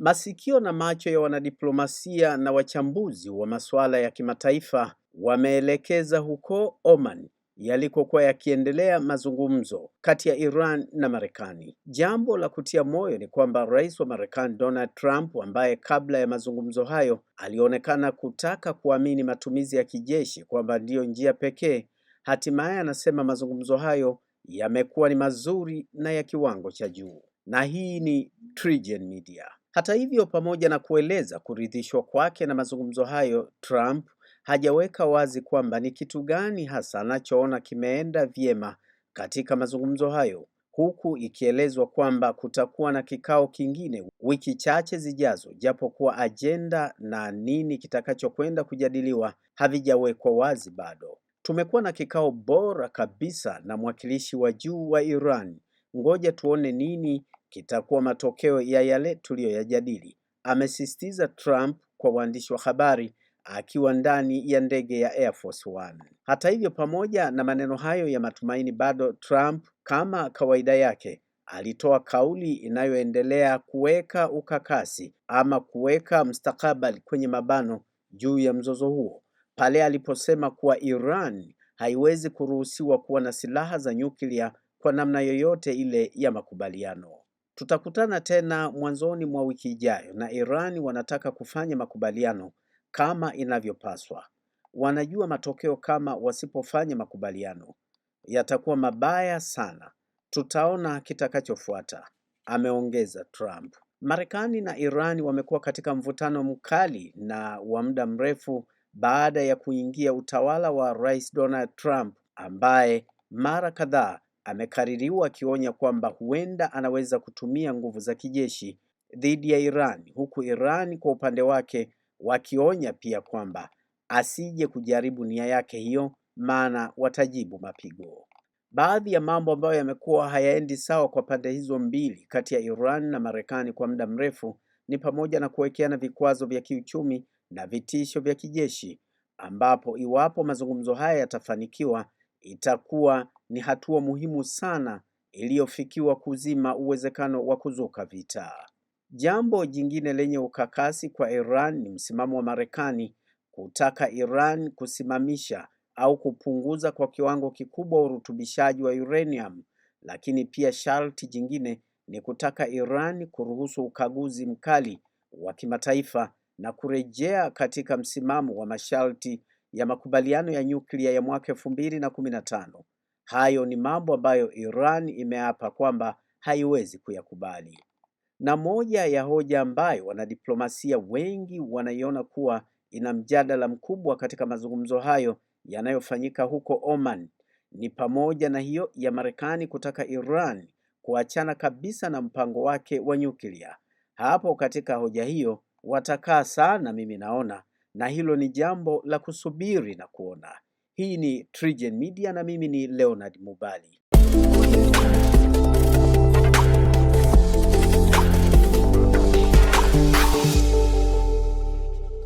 Masikio na macho ya wanadiplomasia na wachambuzi wa masuala ya kimataifa wameelekeza huko Oman yalikokuwa yakiendelea mazungumzo kati ya Iran na Marekani. Jambo la kutia moyo ni kwamba Rais wa Marekani Donald Trump, ambaye kabla ya mazungumzo hayo alionekana kutaka kuamini matumizi ya kijeshi kwamba ndiyo njia pekee, hatimaye anasema mazungumzo hayo yamekuwa ni mazuri na ya kiwango cha juu. Na hii ni TriGen Media. Hata hivyo, pamoja na kueleza kuridhishwa kwake na mazungumzo hayo, Trump hajaweka wazi kwamba ni kitu gani hasa anachoona kimeenda vyema katika mazungumzo hayo, huku ikielezwa kwamba kutakuwa na kikao kingine wiki chache zijazo, japo kuwa ajenda na nini kitakachokwenda kujadiliwa havijawekwa wazi bado. Tumekuwa na kikao bora kabisa na mwakilishi wa juu wa Iran. Ngoja tuone nini kitakuwa matokeo ya yale tuliyoyajadili, amesisitiza Trump kwa waandishi wa habari akiwa ndani ya ndege ya Air Force One. Hata hivyo, pamoja na maneno hayo ya matumaini, bado Trump kama kawaida yake alitoa kauli inayoendelea kuweka ukakasi ama kuweka mustakabali kwenye mabano juu ya mzozo huo pale aliposema kuwa Iran haiwezi kuruhusiwa kuwa na silaha za nyuklia kwa namna yoyote ile ya makubaliano. Tutakutana tena mwanzoni mwa wiki ijayo na Iran wanataka kufanya makubaliano kama inavyopaswa. Wanajua matokeo kama wasipofanya makubaliano yatakuwa mabaya sana. Tutaona kitakachofuata, ameongeza Trump. Marekani na Iran wamekuwa katika mvutano mkali na wa muda mrefu baada ya kuingia utawala wa Rais Donald Trump ambaye mara kadhaa amekaririwa akionya kwamba huenda anaweza kutumia nguvu za kijeshi dhidi ya Iran, huku Iran kwa upande wake wakionya pia kwamba asije kujaribu nia yake hiyo, maana watajibu mapigo. Baadhi ya mambo ambayo yamekuwa hayaendi sawa kwa pande hizo mbili kati ya Iran na Marekani kwa muda mrefu ni pamoja na kuwekeana vikwazo vya kiuchumi na vitisho vya kijeshi, ambapo iwapo mazungumzo haya yatafanikiwa itakuwa ni hatua muhimu sana iliyofikiwa kuzima uwezekano wa kuzuka vita. Jambo jingine lenye ukakasi kwa Iran ni msimamo wa Marekani kutaka Iran kusimamisha au kupunguza kwa kiwango kikubwa urutubishaji wa uranium, lakini pia sharti jingine ni kutaka Iran kuruhusu ukaguzi mkali wa kimataifa na kurejea katika msimamo wa masharti ya makubaliano ya nyuklia ya mwaka elfu mbili na kumi na tano. Hayo ni mambo ambayo Iran imeapa kwamba haiwezi kuyakubali, na moja ya hoja ambayo wanadiplomasia wengi wanaiona kuwa ina mjadala mkubwa katika mazungumzo hayo yanayofanyika huko Oman ni pamoja na hiyo ya Marekani kutaka Iran kuachana kabisa na mpango wake wa nyuklia. Hapo katika hoja hiyo watakaa sana, mimi naona, na hilo ni jambo la kusubiri na kuona. Hii ni TriGen Media na mimi ni Leonard Mubali.